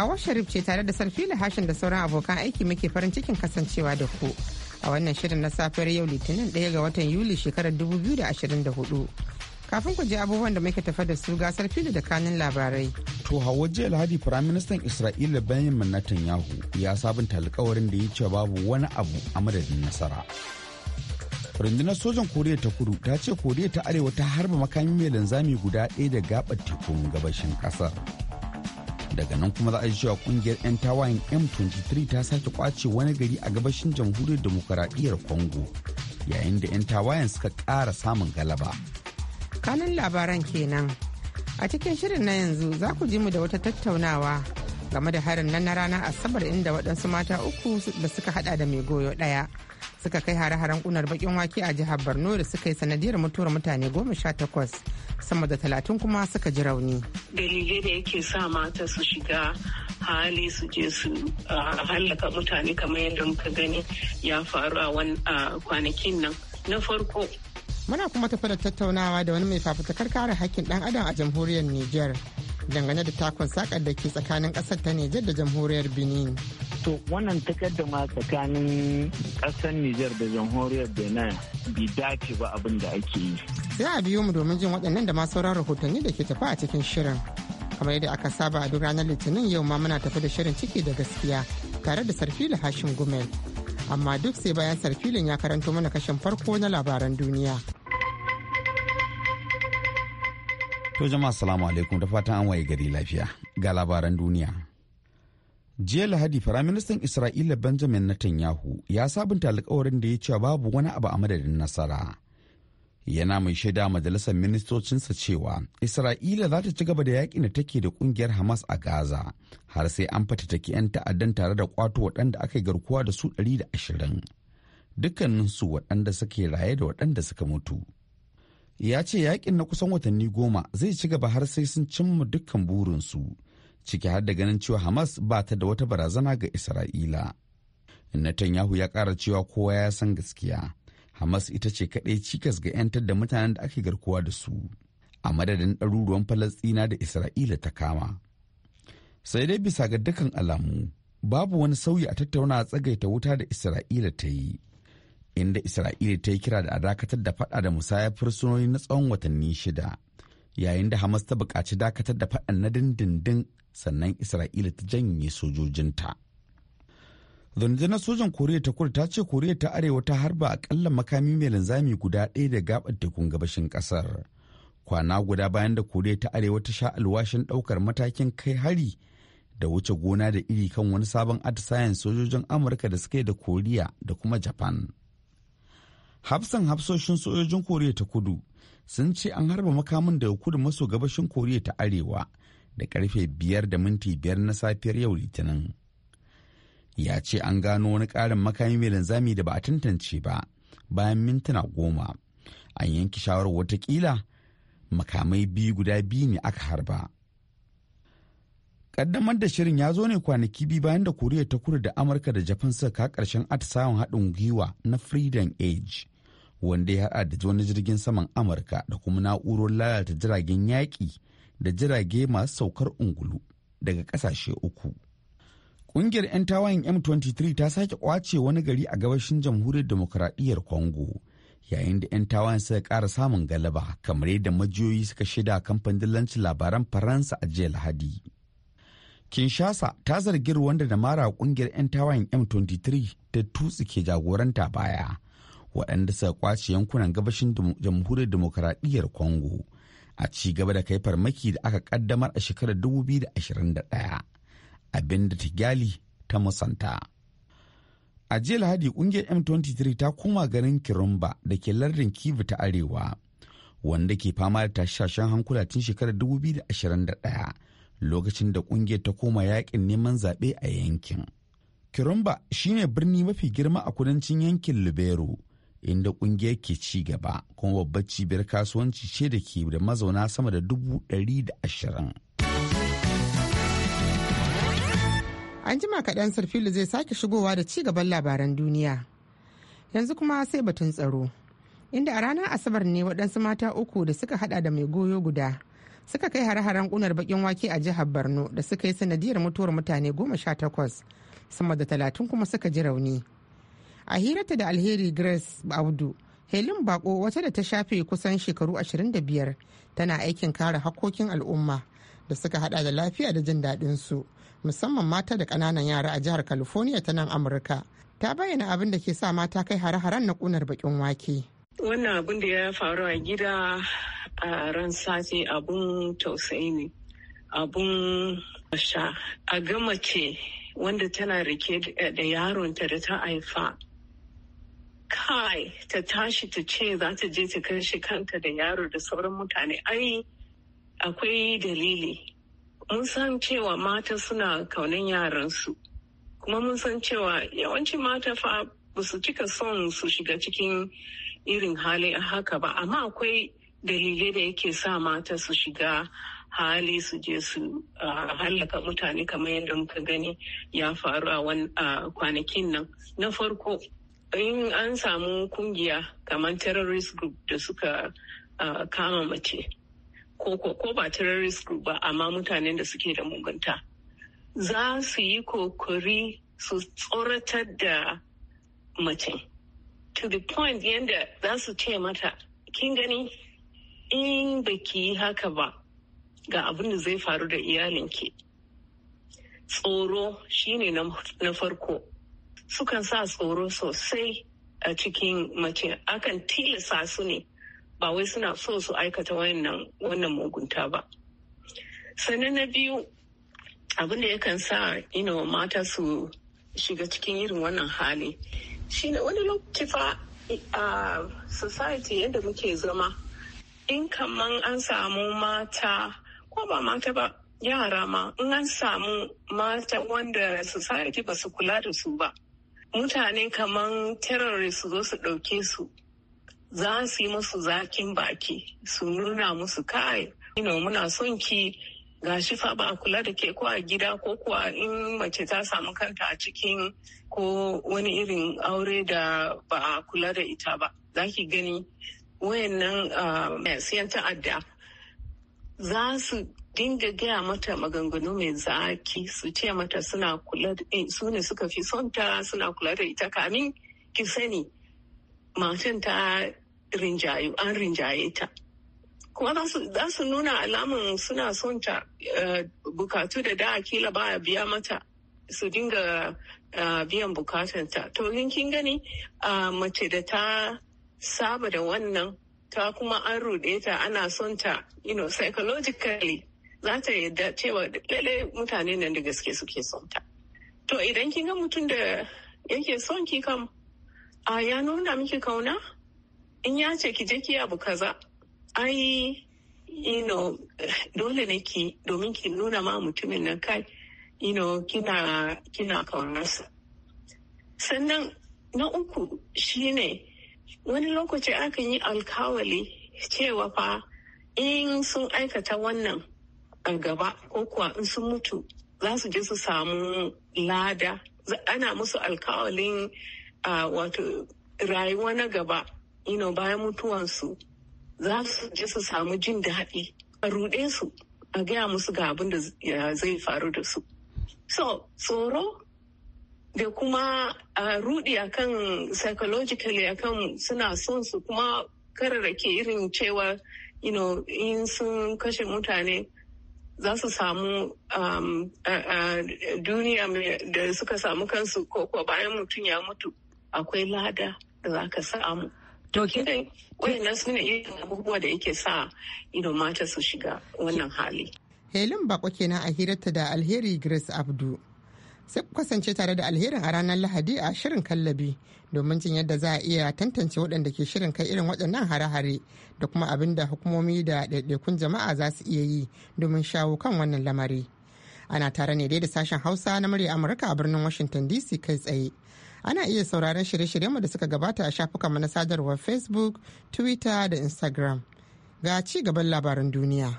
Hawa Sharif ce tare da Sarfila Hashin da sauran abokan aiki muke farin cikin kasancewa da ku. A wannan shirin na safiyar yau Litinin ɗaya ga watan Yuli shekarar 2024. Kafin ku je abubuwan da muke tafa da su ga Sarfila da kanin labarai. To Hawa jiya Lahadi Firaministan Isra'ila Benjamin Netanyahu ya sabunta alkawarin da ya ce babu wani abu a madadin nasara. rundunar sojan koriya ta kudu ta ce koriya ta arewa ta harba makami mai linzami guda ɗaya da gabar tekun gabashin ƙasar. daga nan kuma za a cewa kungiyar 'yan tawayen m23 ta sake kwace wani gari a gabashin jamhuriyar demokaradiyyar congo yayin da 'yan tawayen suka ƙara samun galaba kanun labaran kenan a cikin shirin na yanzu za ku ji mu da wata tattaunawa game da harin nan na ranar asabar inda waɗansu mata uku da suka hada da mai goyo ɗaya suka kai hare-haren kunar bakin wake a jihar borno da suka yi sanadiyar mutuwar mutane goma sha takwas sama da talatin kuma suka ji rauni dalilai da yake sa mata su shiga hali su je su hallaka mutane kamar yadda muka gani ya faru a kwanakin nan na farko muna kuma tafi da tattaunawa da wani mai fafutukar kare hakkin ɗan adam a jamhuriyar niger dangane da takon sakar da ke tsakanin kasar ta Nijar da jamhuriyar Benin. To wannan takaddama tsakanin kasar Nijar da jamhuriyar Benin bi dace ba abin da ake yi. Sai a biyo mu domin jin waɗannan da ma sauran rahotanni da ke tafi a cikin shirin. kamar yadda aka saba a duk ranar litinin yau ma muna tafi da shirin ciki da gaskiya tare da sarfila hashim gumel amma duk sai bayan sarfilin ya karanto mana kashin farko na labaran duniya. To jama'a salamu alaikum da fatan an waye gari lafiya ga labaran duniya. Jiya Lahadi Firaministan Isra'ila Benjamin Netanyahu ya sabunta alkawarin da ya ce babu wani abu a madadin nasara. Yana mai shaida majalisar ministocinsa cewa Isra'ila za ta ci gaba da yakin da take da kungiyar Hamas a Gaza har sai an ki 'yan ta'addan tare da kwato waɗanda aka yi garkuwa da su ɗari da 120. Dukkaninsu waɗanda suke raye da waɗanda suka mutu. ya ce yakin na kusan watanni goma zai ci gaba har sai sun cimma dukkan burinsu ciki har da ganin cewa hamas ba ta da wata barazana ga isra'ila netanyahu ya kara cewa kowa ya san gaskiya hamas ita ce kadai cikas ga 'yantar da mutanen da ake garkuwa da su a madadin ɗaruruwan falastina da isra'ila ta kama sai dai bisa ga dukkan alamu babu wani sauyi a tattauna tsagaita wuta da isra'ila ta yi inda isra'ila ta yi kira da a dakatar da fada da musayar fursunoni na tsawon watanni shida yayin da hamas ta buƙaci dakatar da fada na dindindin sannan isra'ila ta janye sojojinta na sojan koriya ta kudu ta ce koriya ta arewa ta harba akalla makami mai linzami guda ɗaya da gabar tekun gabashin ƙasar kwana guda bayan da koriya ta arewa ta sha alwashin ɗaukar matakin kai hari da wuce gona da iri kan wani sabon atisayen sojojin amurka da suke da koriya da kuma japan hafsan hafsoshin sojojin koriya ta kudu sun ce an harba makamin daga kudu maso gabashin koriya ta arewa da karfe biyar da minti biyar na safiyar yau litinin ya ce an gano wani karin makami mai linzami da ba a tantance ba bayan mintuna goma an yanki shawarar watakila makamai biyu guda biyu ne aka harba kaddamar da shirin ya zo ne kwanaki biyu bayan da koriya ta kudu da amurka da japan suka ka karshen atisayen haɗin gwiwa na freedom age wanda ya haɗa da wani jirgin saman amurka da kuma na'urar lalata jiragen yaƙi da jirage masu saukar ungulu daga ƙasashe uku ƙungiyar 'yan tawayen m23 ta sake kwace wani gari a gabashin jamhuriyar demokuraɗiyyar congo yayin da 'yan tawayen suka kara samun galaba kamar yadda majiyoyi suka shaida kamfanin dillancin labaran faransa a jiya lahadi kinshasa ta zargi wanda da mara ƙungiyar 'yan tawayen m23 ta tutsi ke jagoranta baya waɗanda suka kwace yankunan gabashin jamhuriyar demokaradiyyar congo a ci gaba da kai farmaki da aka kaddamar a shekarar 2021 abinda tigali ta musanta a jiya lahadi ƙungiyar m23 ta koma garin kirumba da ke lardin kivu ta arewa wanda ke fama da tashashen hankula tun shekarar 2021 lokacin da ƙungiyar ta koma yakin neman zaɓe a yankin kirumba shine birni mafi girma a kudancin yankin libero inda kungiyar ke ci gaba kuma babbar cibiyar kasuwanci ce da ke da mazauna sama da dubu ɗari da ashirin. An jima kaɗan sarfilu zai sake shigowa da ci gaban labaran duniya. Yanzu kuma sai batun tsaro. Inda a ranar Asabar ne waɗansu mata uku da suka hada da mai goyo guda suka kai hare-haren ƙunar baƙin wake a jihar Borno da suka yi sanadiyar mutuwar mutane goma sha takwas sama da talatin kuma suka ji rauni. a hirarta da alheri grace abdu helin bako wata da ta shafe kusan shekaru 25 tana aikin kare hakkokin al'umma da suka hada da lafiya da jin daɗin su musamman mata da ƙananan yara a jihar california ta nan amurka ta bayyana abin da ke sa mata kai hare-haren na kunar bakin wake wannan abin da ya faru a gida a ran sati abun tausayi ne abun sha a gama ce wanda tana rike da yaronta da ta haifa kai ta tashi ta ce za ta je ta shi kanta da yaro da sauran mutane ai akwai dalili mun san cewa mata suna kaunan yaransu kuma mun san cewa yawanci mata fa ba su cika son su shiga cikin irin hali haka ba amma akwai dalilai da yake sa mata su shiga hali su je su hallaka mutane kamar yadda muka gani ya faru a kwanakin nan na farko in an samu kungiya kamar terrorist group da suka uh, kama mace ko, ko, ba terrorist group ba amma mutanen da suke da mugunta za su yi kokari su tsoratar da mace to the point yadda za su ce mata kin gani in baki yi haka ba ga abin da zai faru da iyalinki tsoro shine na farko sukan sa tsoro sosai a cikin mace akan tilasa su ne ba wai suna so su aikata wannan wannan mugunta ba sannan na biyu abinda ya kan sa ina mata su shiga cikin irin wannan hali shine wani lokaci fa a society yadda muke zama in kaman an samu mata ko ba mata ba yara ma in an samu mata wanda society ba su kula da su ba mutane kaman terrorist su zo su ɗauke su za su yi musu zakin baki su nuna musu kai ino muna son ki ga shi fa ba kula da ke ko a gida ko kuwa in mace ta samu kanta a cikin ko wani irin aure da ba a kula da ita ba za ki gani wayannan uh, ta'adda za su dinga gaya mata maganganu mai zaki su ce mata suna kula da eh, su ne suka fi son ta suna kula da ita kamin ki sani matan ta rinjayu an rinjaye ta kuma za su nuna alamun suna son ta eh, bukatu da da kila baya biya mata su dinga eh, biyan bukatanta to in kin gani mace da ta saba da wannan ta kuma an ruɗe ta ana son ta you know psychologically za ta yarda cewa lalle mutane nan da gaske suke son ta to idan kin ga mutum da yake son ki kam a ya nuna miki kauna in ya ce ki je ki abu kaza ai you know dole ne ki domin ki nuna ma mutumin nan kai you know kina kina kaunarsa sannan na uku shine wani lokaci akan yi alkawali cewa fa in sun aikata wannan a gaba ko kuwa in sun mutu za su je su samu lada ana musu alkawalin wato rayuwa na gaba ino bayan mutuwansu za su je su samu jin daɗi a ruɗe su a gaya musu ga abin da zai faru da su so tsoro da kuma a rudi akan psychologically akan suna son su kuma kararrake irin cewa in sun kashe mutane za su samu um, duniya da suka samu kansu ko kuwa bayan mutum ya mutu akwai lada da za ka samu. To su ne irin abubuwa da yake sa ido mata su shiga wannan hali. Helin bako kenan a hirarta da alheri Grace Abdu. sai ku kasance tare da alherin a ranar lahadi a shirin kallabi domin jin yadda za a iya tantance waɗanda ke shirin kai irin waɗannan hare-hare da kuma abin da hukumomi da ɗaiɗaikun jama'a za su iya yi domin shawo kan wannan lamari ana tare ne dai da sashen hausa na murya amurka a birnin washington dc kai tsaye ana iya sauraron shirye-shiryenmu da suka gabata a shafukanmu na sadarwar facebook twitter da instagram ga ci gaban labaran duniya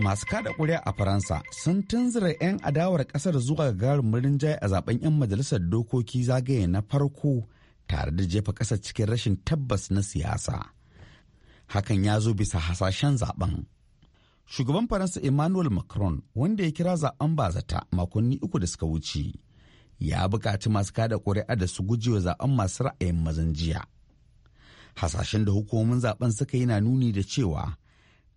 masu kada kuri'a a faransa sun tunzura 'yan adawar kasar zuwa gagarumin jai a zaben 'yan majalisar dokoki zagaye na farko tare da jefa kasar cikin rashin tabbas na siyasa hakan ya zo bisa hasashen zaben shugaban faransa emmanuel macron wanda ya kira zaben bazata makonni uku da suka wuce ya bukaci masu kada kuri'a da su gujewa zaben masu ra'ayin mazan jiya hasashen da hukumomin zaben suka yi na nuni da cewa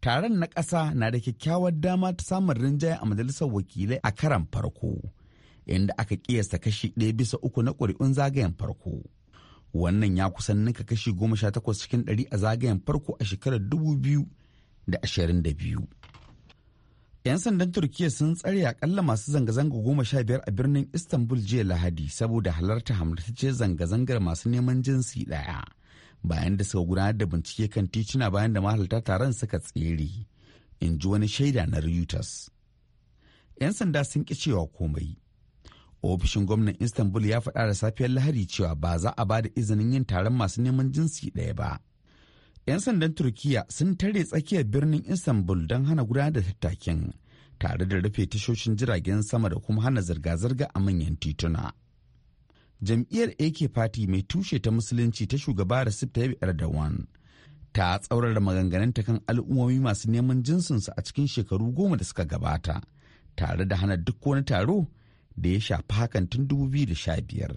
taron na ƙasa na da kyakkyawar dama ta samun rinjaye a majalisar wakilai a karan farko inda aka kiyasta kashi ɗaya bisa uku na ƙuri'un zagayen farko wannan ya kusan ninka kashi goma sha takwas cikin ɗari a zagayen farko a shekarar dubu biyu da ashirin da biyu 'yan sandan turkiya sun tsare akalla masu zanga-zanga goma sha biyar a birnin istanbul jiya lahadi saboda halarta hamdatacce zanga-zangar masu neman jinsi ɗaya bayan da suka gudanar da bincike kan tituna bayan da mahalarta taron suka tsere in ji wani shaida na reuters 'yan sanda sun ki cewa komai ofishin gwamnan istanbul ya faɗa da safiyar lahadi cewa ba za a ba da izinin yin taron masu neman jinsi ɗaya ba 'yan sandan turkiya sun tare tsakiyar birnin istanbul don hana gudanar da tattakin tare da rufe tashoshin jiragen sama da kuma hana zirga-zirga a manyan tituna. jam'iyyar AK Party mai tushe ta musulunci ta shugaba da Tayyip Erdogan ta tsaurara maganganunta kan al'ummomi masu neman jinsin su a cikin shekaru goma da suka gabata tare da hana duk wani taro da ya shafi hakan tun 2015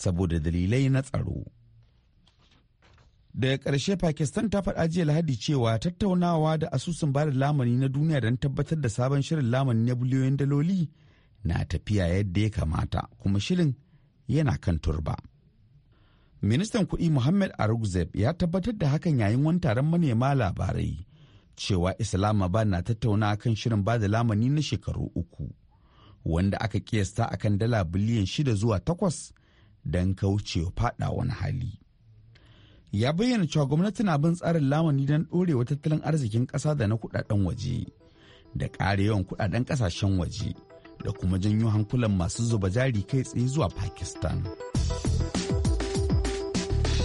saboda dalilai na tsaro. Daga ƙarshe Pakistan ta faɗa jiya Lahadi cewa tattaunawa da asusun bada lamani na duniya don tabbatar da sabon shirin lamani na biliyoyin daloli na tafiya yadda ya kamata kuma shirin yana kan turba. Ministan kuɗi Muhammad Arugzeb ya tabbatar da hakan yayin wani taron manema labarai cewa Islamabad na tattauna kan shirin ba da lamani na shekaru uku, wanda aka kiyasta kan dala biliyan shida zuwa takwas don kaucewa faɗa wani hali. ya bayyana cewa gwamnati na bin tsarin lamani don ɗorewa tattalin arzikin ƙasa da na kuɗaɗen waje da ƙara yawan kuɗaɗen ƙasashen waje da kuma janyo hankulan masu zuba jari kai tsaye zuwa pakistan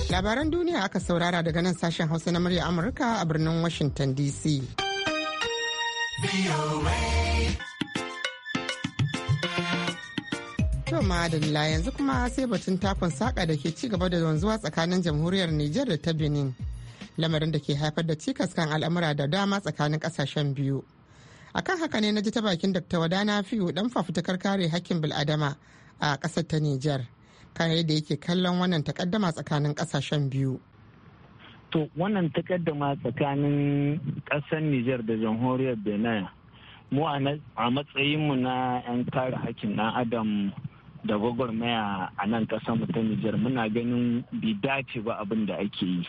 labaran duniya aka saurara daga nan sashen hausa na murya amurka a birnin washington dc da madalla yanzu kuma sai batun takon saƙa da ke ci gaba da wanzuwa tsakanin jamhuriyar Nijar da ta Benin. Lamarin da ke haifar da cikas kan al'amura da dama tsakanin ƙasashen biyu. akan haka ne na ji ta bakin dr wadana fiyo dan fafutukar kare hakkin bil'adama a kasar ta niger kan yadda yake kallon wannan takaddama tsakanin kasashen biyu to wannan takaddama tsakanin kasar niger da jamhuriyar benin mu a matsayinmu na 'yan kare hakkin dan adam da gwagwarmaya a nan ƙasar mu ta Nijar muna ganin bi dace ba abin da ake yi.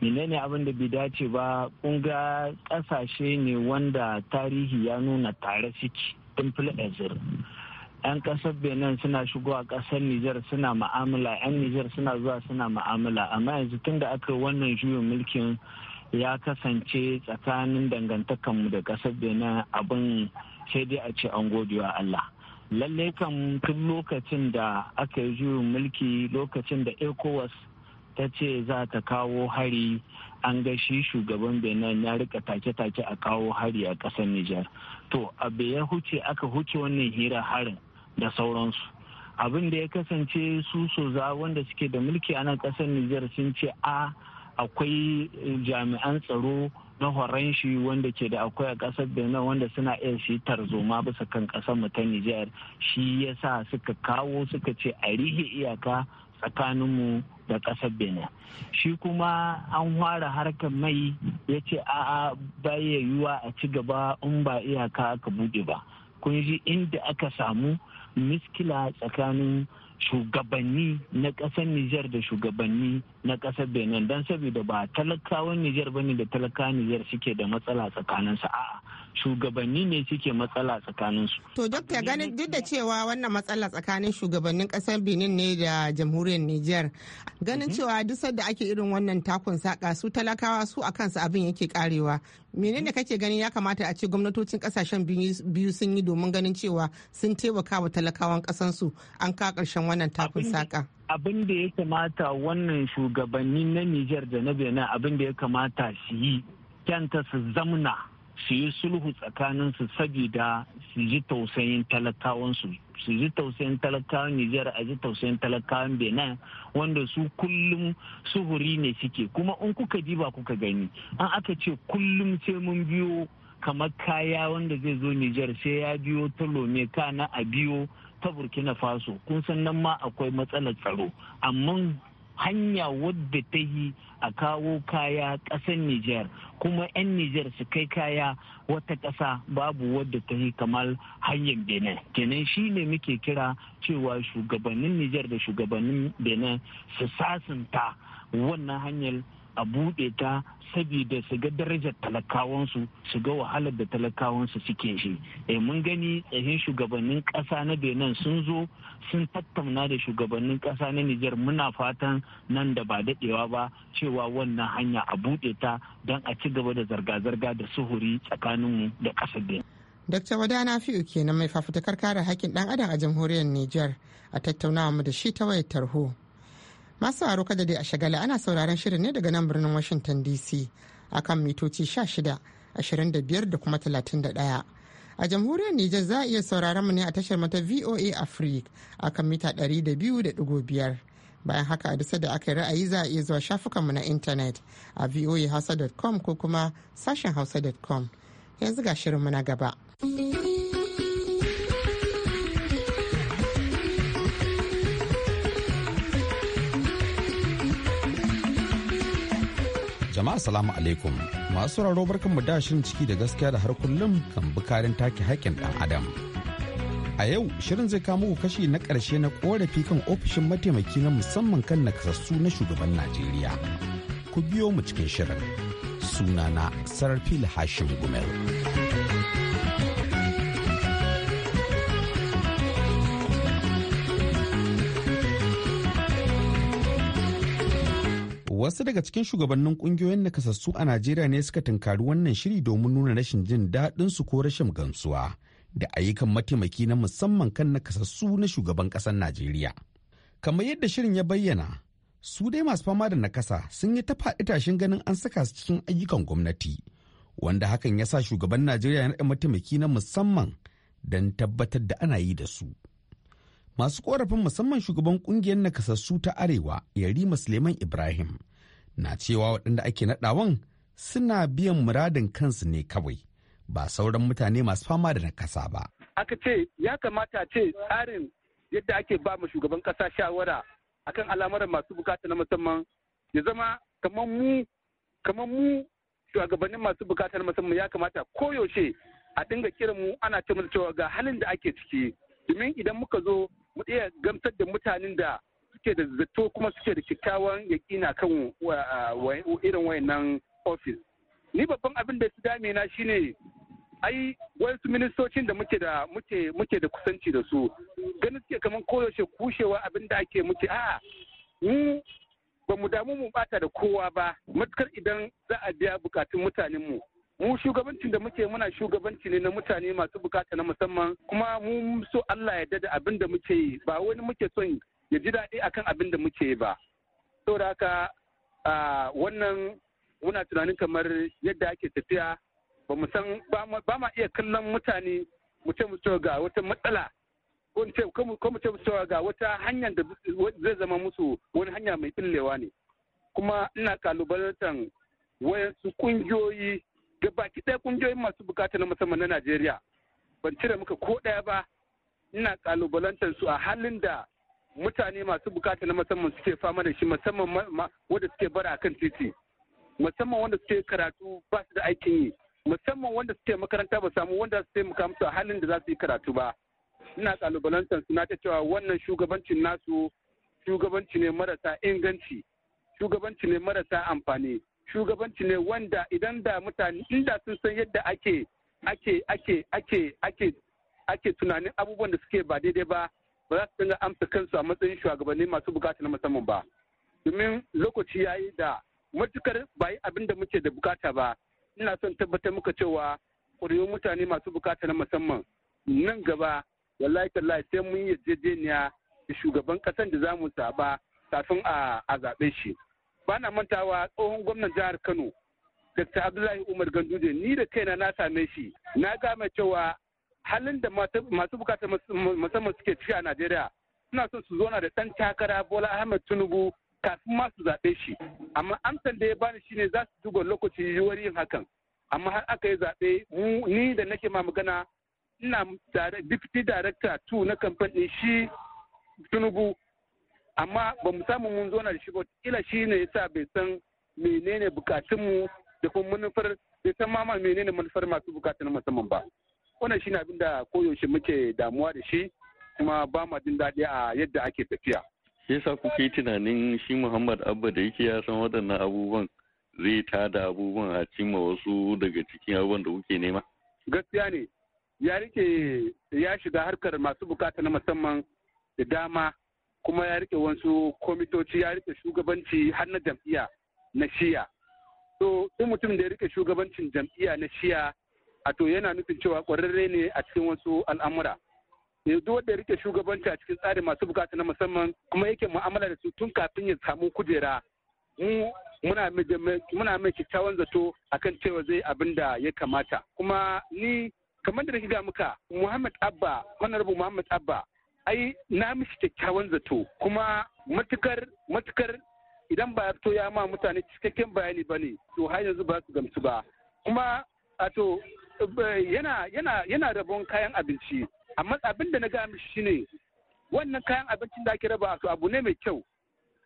ne abin da bi dace ba kunga ƙasashe ne wanda tarihi ya nuna tare suke tun fil 'yan kasar benin suna shigo a kasar nijar suna ma'amala 'yan nijar suna zuwa suna ma'amala amma yanzu tun da aka wannan juyin mulkin ya kasance tsakanin dangantakanmu da kasar benin abin sai dai a ce an godewa allah lalle kan tun lokacin da aka yi juyin mulki lokacin da ecowas ta ce za ta kawo hari an ga shi shugaban benin ya rika take-take a kawo hari a ƙasar nijar to abu ya huce aka huce wannan hira harin da sauransu abin da ya kasance su soza wanda suke da mulki a nan ƙasar nijar sun ce a akwai jami'an tsaro na horon shi wanda ke da akwai a ƙasar benin wanda suna iya shi tarzoma bisa kan ƙasar mu ta nijar shi ya sa suka kawo suka ce a rige iyaka tsakaninmu da ƙasar benin shi kuma an fara harkar mai ya ce a baya yiwuwa a ci gaba in ba iyaka aka buɗe ba kun ji inda aka samu miskila tsakanin shugabanni na ƙasar Nijar da shugabanni na ƙasar Benin don saboda ba talakawan Nijar bane da talakawan Nijar suke da matsala tsakaninsu a'a shugabanni ne suke matsala tsakanin su. To dokta ganin duk da cewa wannan matsala tsakanin shugabannin kasar Benin ne da jamhuriyar Nijar. Ganin mhm. cewa duk sanda ake irin wannan takun saka su talakawa su a kansu abin yake karewa. Menene mhm. kake ganin ya kamata a ce gwamnatocin kasashen biyu sun yi domin ganin cewa sun taimaka wa talakawan kasansu an ka karshen wannan takun saka. Abin da ya kamata wannan shugabanni na Nijar da na Benin abin da ya kamata su yi kyanta su zamna su yi sulhu tsakanin su saboda su ji tausayin talakawansu su ji tausayin talakawan Nijar a ji tausayin talakawan Benin wanda su kullum suhuri ne suke kuma in kuka ba kuka gani an aka ce kullum sai mun biyo kamar kaya wanda zai zo Nijar sai ya biyo ta Lome kana a biyo ta burkina faso kun san nan ma akwai matsalar tsaro amma hanya wadda ta yi a kawo kaya ƙasar Nijar kuma 'yan Nijar su kai kaya wata ƙasa babu wadda ta yi kamar hanyar Benin. Kenan shi ne muke kira cewa shugabannin Nijar da shugabannin Benin su sasanta wannan hanyar a buɗe ta saboda su ga darajar talakawansu su ga wahalar da talakawansu suke shi eh mun gani tsayin shugabannin ƙasa na benin sun zo sun tattauna da shugabannin ƙasa na nijar muna fatan nan da ba daɗewa ba cewa wannan hanya a buɗe ta don a ci gaba da zarga-zarga da suhuri tsakaninmu da ƙasar benin dokta Wadana Fi'u kenan mai fafutukar kare haƙƙin ɗan adam a jamhuriyar Nijar a tattaunawa mu da shi ta wayar tarho. Masu aro kada dai a shagala ana sauraron shirin ne daga nan birnin Washington DC akan mitoci 16, 25 da kuma 31. A jamhuriyar Nijar za a iya sauraron mu ne a tashar mata VOA Africa akan mita 200.5. Bayan haka a dusa da aka yi ra'ayi za a iya zuwa shafukanmu na intanet a voahausa.com ko kuma sashen hausa.com. Yanzu ga shirinmu na gaba. Jama'a salamu alaikum. Masu raro barkanmu da shirin ciki da gaskiya da har kullum kan bukarin take haƙƙin ɗan adam. A yau shirin zai kamo kashi na ƙarshe na korafi kan ofishin mataimaki na musamman kan nakasassu na shugaban Najeriya. Ku biyo mu cikin shirin. Sunana Sarfil Hashim Gumel. wasu daga cikin shugabannin kungiyoyin nakasassu a najeriya ne suka tunkari wannan shiri domin nuna rashin jin daɗin su ko rashin gamsuwa da ayyukan mataimaki na musamman kan nakasassu na shugaban ƙasar najeriya kamar yadda shirin ya bayyana su dai masu fama da nakasa sun yi ta faɗi tashin ganin an saka su cikin ayyukan gwamnati wanda hakan ya sa shugaban najeriya ya naɗa mataimaki na musamman don tabbatar da ana yi da su masu korafin musamman shugaban kungiyar nakasassu ta arewa yarima suleiman ibrahim na cewa waɗanda ake naɗawan suna biyan muradin kansu ne kawai ba sauran mutane masu fama da nakasa ba. Aka ce ya kamata ce tsarin yadda ake ba mu shugaban ƙasa shawara akan al'amuran masu bukata na musamman ya zama kamar mu kamar mu shugabannin masu bukata na musamman ya kamata koyaushe a dinga kiran mu ana ce cewa ga halin da ake ciki domin idan muka zo mu iya gamsar da mutanen da suke da zato kuma suke da kyakkyawan yakina kan uh, irin wayannan ofis ni babban abin da su dame na shine ai wasu ministocin da muke da muke da kusanci da su ganin suke kaman koyaushe kushewa abin da ake muke a mu ba mu damu mu bata da kowa ba matukar idan za a biya bukatun mutanen mu mu shugabancin da muke muna shugabanci ne na mutane masu bukata na musamman kuma mu so Allah ya dada abin da muke yi ba wani muke son ya ji daɗi akan abin da muke ba saboda haka wannan muna tunanin kamar yadda ake tafiya ba mu san ba ma iya kallon mutane mu ce mu ga wata matsala ko mu ce mu ga wata hanyar da zai zama musu wani hanya mai ɓillewa ne kuma ina kalubalantar wayansu kungiyoyi ga baki ɗaya kungiyoyin masu bukata na musamman na Najeriya ban cire muka ko ɗaya ba ina kalubalantar su a halin da mutane masu bukata na musamman suke fama da shi musamman wanda suke bara akan titi musamman wanda suke karatu ba su da aikin yi musamman wanda suke makaranta ba samu wanda su taimaka musu a halin da za su yi karatu ba ina kalubalantar na ta cewa wannan shugabancin nasu shugabanci ne marasa inganci shugabanci ne marasa amfani shugabanci ne wanda idan da mutane inda sun san yadda ake ake ake ake ake ake tunanin abubuwan da suke ba daidai ba ba za su dinga amsa kansu a matsayin shugabanni masu bukata na musamman ba domin lokaci ya yi da matukar ba yi abin da muke da bukata ba ina son tabbatar muka cewa ƙwarewar mutane masu bukata na musamman nan gaba wallahi tallahi sai mun yi yarjejeniya da shugaban ƙasar da za mu saba kafin a zaɓe shi ba na mantawa tsohon gwamnan jihar kano dr abdullahi umar ganduje ni da kaina na same shi na gama cewa halin da masu bukatar musamman suke ciki a Najeriya suna son su zauna da ɗan takara Bola Ahmed Tinubu kafin ma su zaɓe shi. Amma amsan da ya bani ne za su duba lokaci yiwuwar yin hakan. Amma har aka yi zaɓe ni da nake ma magana ina deputy director 2 na kamfani shi Tinubu. Amma ba mu samu mun zauna da shi ba kila shi ne yasa bai san menene bukatunmu da kuma manufar bai san ma menene manufar masu bukatun musamman ba. wannan ne abin da koyaushe muke damuwa da shi kuma ba ma jin daɗi a yadda ake tafiya yasa sa kuke tunanin shi muhammad abba da yake ya san waɗannan abubuwan zai tada abubuwan a cimma wasu daga cikin abubuwan da kuke nema gaskiya ne ya rike ya shiga harkar masu bukata na musamman da dama kuma ya rike wasu komitoci ya rike shugabanci har na jam'iyya na shiya to in mutum da ya rike shugabancin jam'iyya na shiya a to yana nufin cewa ƙwararre ne a cikin wasu al'amura yanzu eh, wanda ya rike shugabanci a cikin tsarin masu bukata na musamman kuma yake mu'amala da su tun kafin ya samu kujera mu muna mai kyakkyawan zato akan cewa zai abin da ya kamata kuma ni kamar da nake ga muka Muhammad Abba honorable Muhammad Abba ai na mishi kyakkyawan zato kuma matukar matukar idan ba ya fito ya ma mutane cikakken bayani ba ne to har yanzu ba su gamsu ba kuma a to yana yana yana rabon kayan abinci amma abin da na ga mishi shine wannan kayan abincin da ake raba su abu ne mai kyau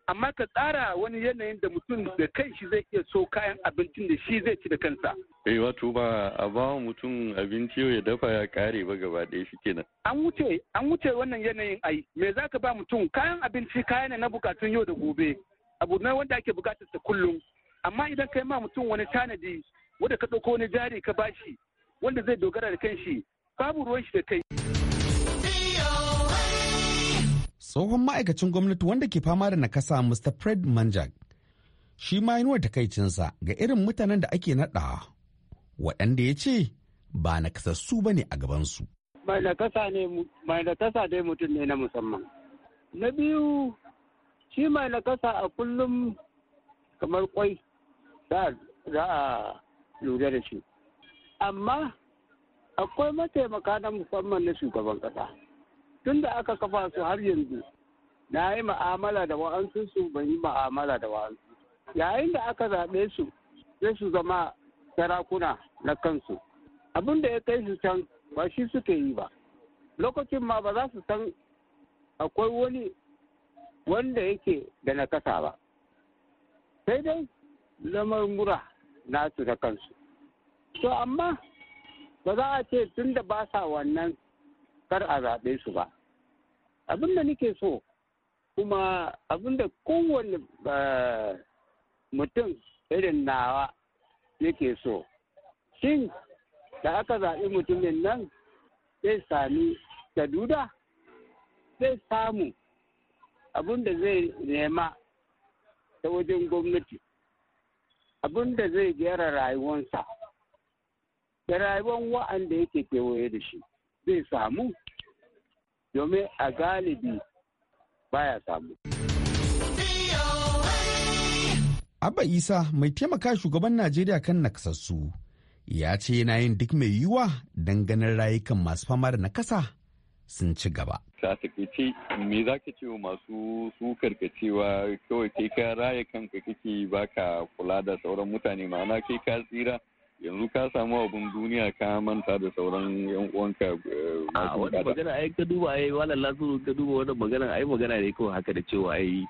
amma ka tsara wani yanayin da mutum da kai shi zai iya so kayan abincin da shi zai ci da kansa. Eh wato ba a ba mutum abinci ya dafa ya kare ba gaba ɗaya shi kenan. An wuce an wuce wannan yanayin ai me zaka ba mutum kayan abinci kayan na bukatun yau da gobe abu ne wanda ake bukatar sa kullum amma idan kai ma mutum wani tanadi wanda ka ɗauko wani jari ka bashi wanda zai dogara da shi babu ruwan shi da kai. Tsohon ma'aikacin gwamnati wanda ke fama da nakasa Mr. Fred Manjak shi ma yi takaicinsa ga irin mutanen da ake naɗa waɗanda ya ce ba nakasassu ba ne a gabansu. Mai nakasa dai mutum ne na musamman. Na biyu shi mai nakasa a kullum kamar kwai za a lura da shi. amma akwai mataimaka na musamman na shugaban kasa tun da aka kafa su har yanzu na yi ma'amala da wa'ansu su ban yi ma'amala da wa'ansu yayin da aka zaɓe su sai su zama sarakuna na kansu abin da ya kai su can ba shi suke yi ba lokacin ma ba za su san akwai wani wanda yake da na kasa ba sai dai lamar mura nasu da kansu To amma ba za a ce tun da ba sa wannan kar a zaɓe su ba. Abin da nake so kuma abin da kowane eh, mutum irin nawa yake so. Shin da aka zaɓi mutumin nan zai sami saduda zai samu abin da zai nema ta wajen gwamnati abin da zai gyara rayuwarsa. da rayuwar wa'anda yake kewaye da shi zai samu domin a galibi baya samu. Abba Isa mai taimaka shugaban Najeriya kan nakasassu ya ce yana yin duk mai yiwuwa don ganin rayukan masu fama da nakasa sun ci gaba. Ta ce me za ka ce masu sukar ka cewa kawai kai ka raya kanka kake baka kula da sauran mutane ma'ana kai ka tsira yanzu ka samu abin duniya ka manta da sauran yan uwanka eh, a ah, wani magana ai ka duba ai wallan lasu ka duba wannan magana ai magana ne kawai haka da cewa ai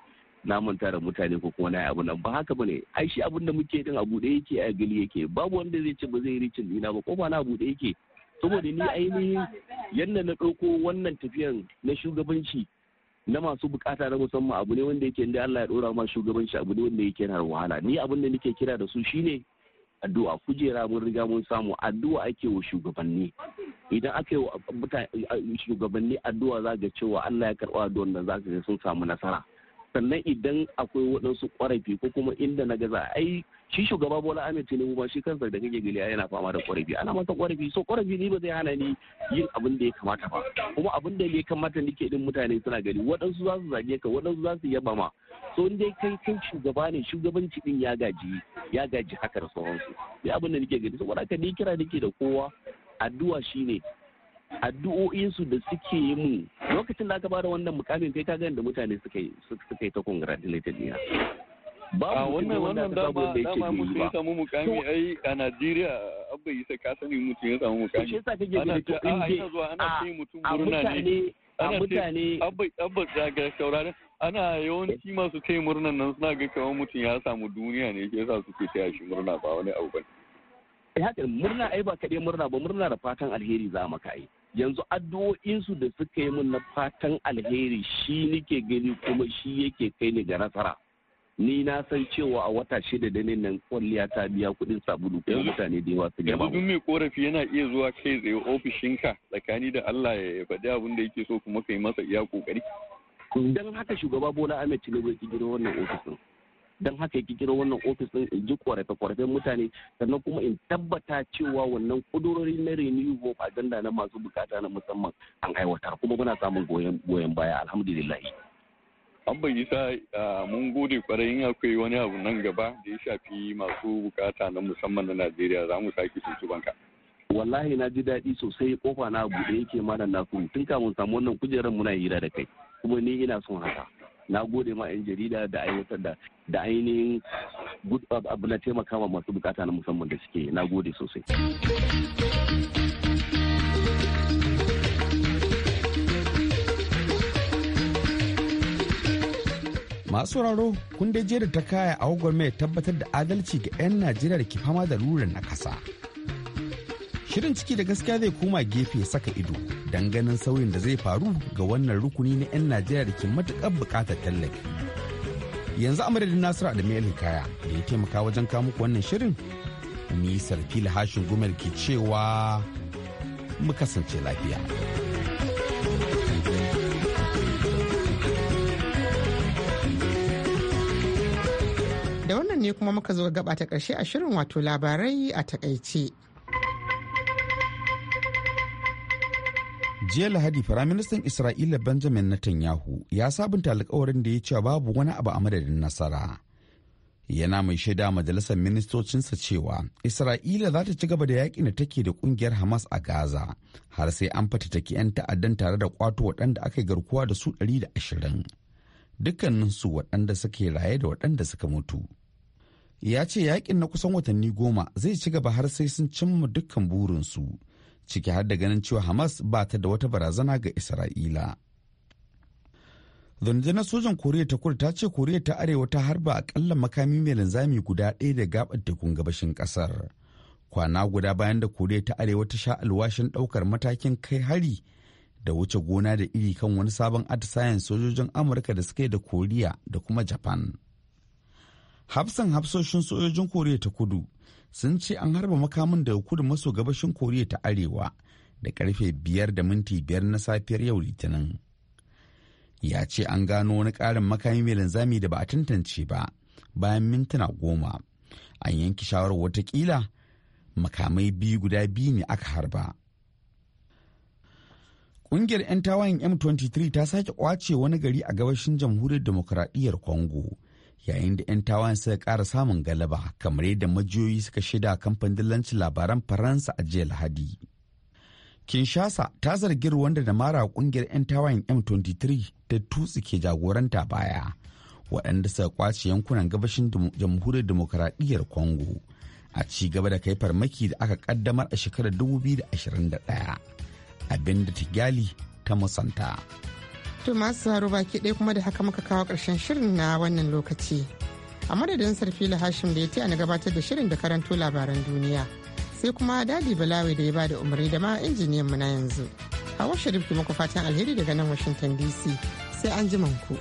na manta da mutane ko kuma na yi abu nan ba haka bane ai shi abun da muke din abu da yake a gili yake babu wanda zai ce ba zai ricin dina ba kofa na abu da yake saboda ni ainihin yadda na ɗauko wannan tafiyan na shugabanci na masu bukata na musamman abu ne wanda yake inda Allah ya dora ma shugabanci abu ne wanda yake yana wahala ni abin da nake kira da su shine addu'a kujera mun riga mun samu addu'a ake wa shugabanni idan aka yi wa shugabanni addu'a za ga cewa Allah ya karɓa addu'a nan za ka sun samu nasara sannan idan akwai waɗansu ƙwarafi ko kuma inda na ga gaza ai shi shugaba bola ahmed tinubu ba shi kansa da kake gani yana fama da korafi ana masa korafi so korafi ni ba zai hana ni yin abin da ya kamata ba kuma abin da ya kamata nike din mutane suna gani waɗansu za su zage ka waɗansu za su yaba ma so in ya kai kai shugaba ne shugabanci din ya gaji ya gaji haka da sauransu sai abin da nike gani so haka ni kira nike da kowa addu'a shine addu'o'insu da suke yi mu lokacin da aka bada wannan mukamin kai ka gani da mutane suka yi ta congratulated ne ba wannan wannan dama dama mutum ya samu mukami ai a Najeriya abba isa ka sani mutum ya samu mukami shi yasa kake gani to in dai ana ce mutum murna ne a mutane abba abba daga sauraron ana yawanci masu kai murnan nan suna ga kamar mutum ya samu duniya ne shi yasa suke taya shi murna ba wani abu bane eh haka murna ai ba kaɗai murna ba murna da fatan alheri za maka yi yanzu addu'o'insu da suka yi min na fatan alheri shi nake gani kuma shi yake kai ni ga nasara ni na san cewa a wata shida da ne nan kwalliya ta biya kudin sabulu ko mutane da yawa su gaba. Yanzu mai korafi yana iya zuwa kai tsaye ofishinka tsakani da Allah ya faɗi abin da yake so kuma kai masa iya kokari. Don haka shugaba Bola Ahmed Tinubu ya gina wannan ofishin don haka ya kikiro wannan ofis in ji kwarafe-kwarafen mutane sannan kuma in tabbata cewa wannan kudurori na renewable agenda na masu bukata na musamman an aiwatar kuma muna samun goyon baya alhamdulillah Abba Isa mun gode kwarai in akwai wani abu nan gaba da ya shafi masu bukata na musamman na Najeriya za mu sake banka Wallahi na ji daɗi sosai kofa na abu da yake mana na kuru tun kamun samu wannan kujerar muna hira da kai kuma ni ina son haka. Na gode ma 'yan jarida da aiwatar da da ainihin abu na taimakawa masu bukata na musamman da suke na gode sosai. masu sauraro kun dai da ta kaya a mai tabbatar da adalci ga 'yan najeriya da ke fama da lura na kasa shirin ciki da gaskiya zai koma gefe saka ido don ganin sauyin da zai faru ga wannan rukuni na 'yan najeriya da ke matukar bukatar tallafi yanzu a madadin nasiru adamu kaya da ya taimaka wajen kawo muku wannan shirin ni sarfila hashin gumel ke cewa mu kasance lafiya. da wannan ne kuma muka zo gaba ta ƙarshe a shirin wato labarai a takaice. jiya lahadi firaministan isra'ila benjamin netanyahu ya sabunta alkawarin da ya cewa babu wani abu a madadin nasara yana mai shaida majalisar ministocinsa cewa isra'ila za ta ci gaba da yakin da take da kungiyar hamas a gaza har sai an fatattaki 'yan ta'addan tare da kwato waɗanda aka yi garkuwa da su 120 dukkaninsu waɗanda suke raye da waɗanda suka mutu ya ce yakin na kusan watanni goma zai ci gaba har sai sun cimma dukkan burinsu ciki har da ganin cewa hamas ba ta da wata barazana ga isra'ila rundunar sojan koriya ta kudu ta ce koriya ta arewa ta harba akalla makami mai linzami guda ɗaya da gabar tekun gabashin ƙasar kwana guda bayan da koriya ta arewa ta sha alwashin ɗaukar matakin kai hari da wuce gona da iri kan wani sabon atisayen sojojin amurka da suka yi da koriya da kuma japan hafsan hafsoshin sojojin koriya ta kudu sun ce an harba makamin daga kudu maso gabashin koriya ta arewa da karfe biyar da minti biyar na safiyar yau litinin ya ce an gano wani karin makami mai linzami da ba a tantance ba bayan mintuna goma an yanki shawarar watakila makamai biyu guda biyu ne aka harba ƙungiyar 'yan tawayen m23 ta sake kwace wani gari a gabashin jamhuriyar demokuraɗiyyar congo yayin da 'yan tawayen suka ƙara samun galaba kamar yadda majiyoyi suka shaida kamfanin dillancin labaran faransa a jiya lahadi kinshasa ta zargi ruwan da mara kungiyar 'yan tawayen m23 ta tutsi ke jagoranta baya waɗanda suka kwace yankunan gabashin jamhuriyar demokaradiyyar congo a ci gaba da kai farmaki da aka kaddamar a shekarar 2021 abinda tigali ta musanta. To masu sauraro baki ɗaya kuma da haka muka kawo ƙarshen shirin na wannan lokaci. A madadin Sarfila Hashim da ya ce na gabatar da shirin da karanto labaran duniya. Sai kuma Dadi Balawi da ya ba da umarni da ma injiniyan mu na yanzu. Hawa Sharif ki muku fatan alheri daga nan Washington DC. Sai an ku.